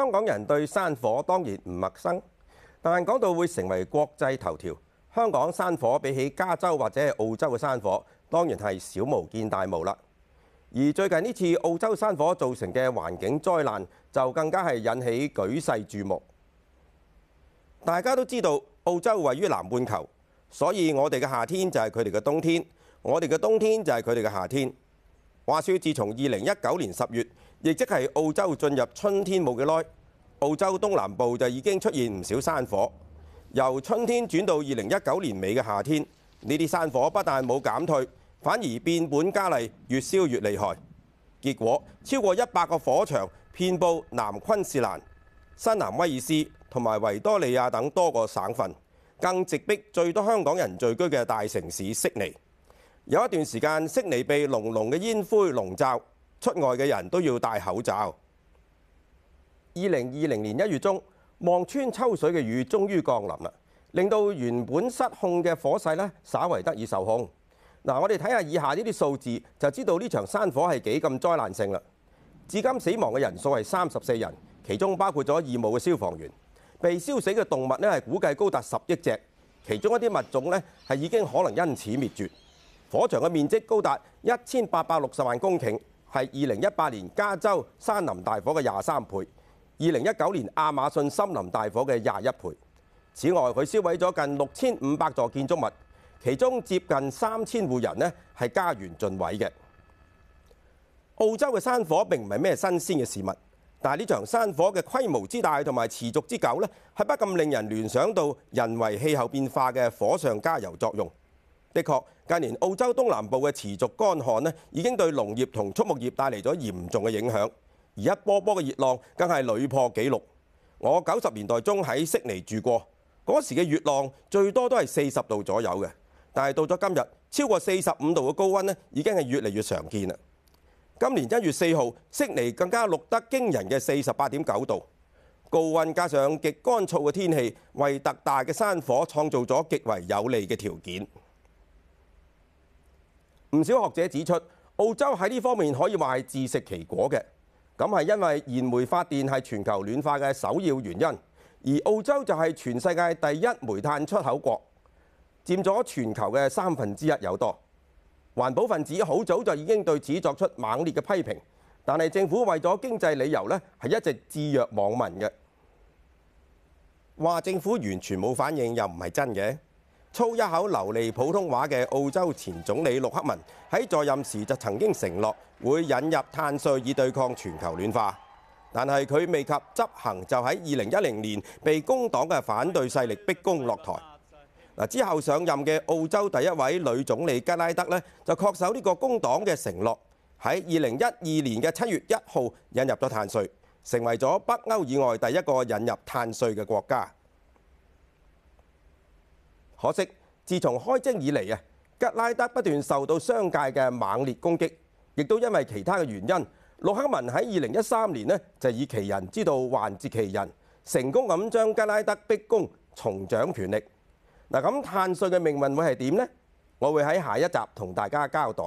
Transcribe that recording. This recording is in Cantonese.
香港人對山火當然唔陌生，但講到會成為國際頭條，香港山火比起加州或者澳洲嘅山火，當然係小巫見大巫啦。而最近呢次澳洲山火造成嘅環境災難，就更加係引起舉世注目。大家都知道澳洲位於南半球，所以我哋嘅夏天就係佢哋嘅冬天，我哋嘅冬天就係佢哋嘅夏天。話說，自從二零一九年十月，亦即係澳洲進入春天冇幾耐。澳洲東南部就已經出現唔少山火，由春天轉到二零一九年尾嘅夏天，呢啲山火不但冇減退，反而變本加厲，越燒越厲害。結果超過一百個火場遍佈南昆士蘭、新南威爾斯同埋維多利亞等多個省份，更直逼最多香港人聚居嘅大城市悉尼。有一段時間，悉尼被濃濃嘅煙灰籠罩，出外嘅人都要戴口罩。二零二零年一月中，望穿秋水嘅雨終於降臨啦，令到原本失控嘅火勢咧，稍為得以受控。嗱，我哋睇下以下呢啲數字，就知道呢場山火係幾咁災難性啦。至今死亡嘅人數係三十四人，其中包括咗義務嘅消防員。被燒死嘅動物呢係估計高達十億隻，其中一啲物種呢係已經可能因此滅絕。火場嘅面積高達一千八百六十萬公頃，係二零一八年加州山林大火嘅廿三倍。二零一九年亞馬遜森林大火嘅廿一倍。此外，佢燒毀咗近六千五百座建築物，其中接近三千戶人呢係家園盡毀嘅。澳洲嘅山火並唔係咩新鮮嘅事物，但係呢場山火嘅規模之大同埋持續之久呢係不禁令人聯想到人為氣候變化嘅火上加油作用。的確，近年澳洲東南部嘅持續乾旱呢已經對農業同畜牧業帶嚟咗嚴重嘅影響。而一波波嘅熱浪更係屢破紀錄。我九十年代中喺悉尼住過，嗰時嘅熱浪最多都係四十度左右嘅，但係到咗今日超過四十五度嘅高溫呢已經係越嚟越常見啦。今年一月四號，悉尼更加錄得驚人嘅四十八點九度高溫，加上極乾燥嘅天氣，為特大嘅山火創造咗極為有利嘅條件。唔少學者指出，澳洲喺呢方面可以話係自食其果嘅。咁係因為燃煤發電係全球暖化嘅首要原因，而澳洲就係全世界第一煤炭出口國，佔咗全球嘅三分之一有多。環保分子好早就已經對此作出猛烈嘅批評，但係政府為咗經濟理由呢，係一直置若罔聞嘅。話政府完全冇反應，又唔係真嘅。操一口流利普通話嘅澳洲前總理陸克文喺在，在任時就曾經承諾會引入碳稅以對抗全球暖化，但係佢未及執行就喺二零一零年被工黨嘅反對勢力逼宮落台。嗱，之後上任嘅澳洲第一位女總理吉拉德呢，就確守呢個工黨嘅承諾，喺二零一二年嘅七月一號引入咗碳稅，成為咗北歐以外第一個引入碳稅嘅國家。可惜，自從開徵以嚟啊，吉拉德不斷受到商界嘅猛烈攻擊，亦都因為其他嘅原因，陸克文喺二零一三年咧就以其人之道還治其人，成功咁將吉拉德逼宮重掌權力。嗱咁，碳稅嘅命運會係點呢？我會喺下一集同大家交代。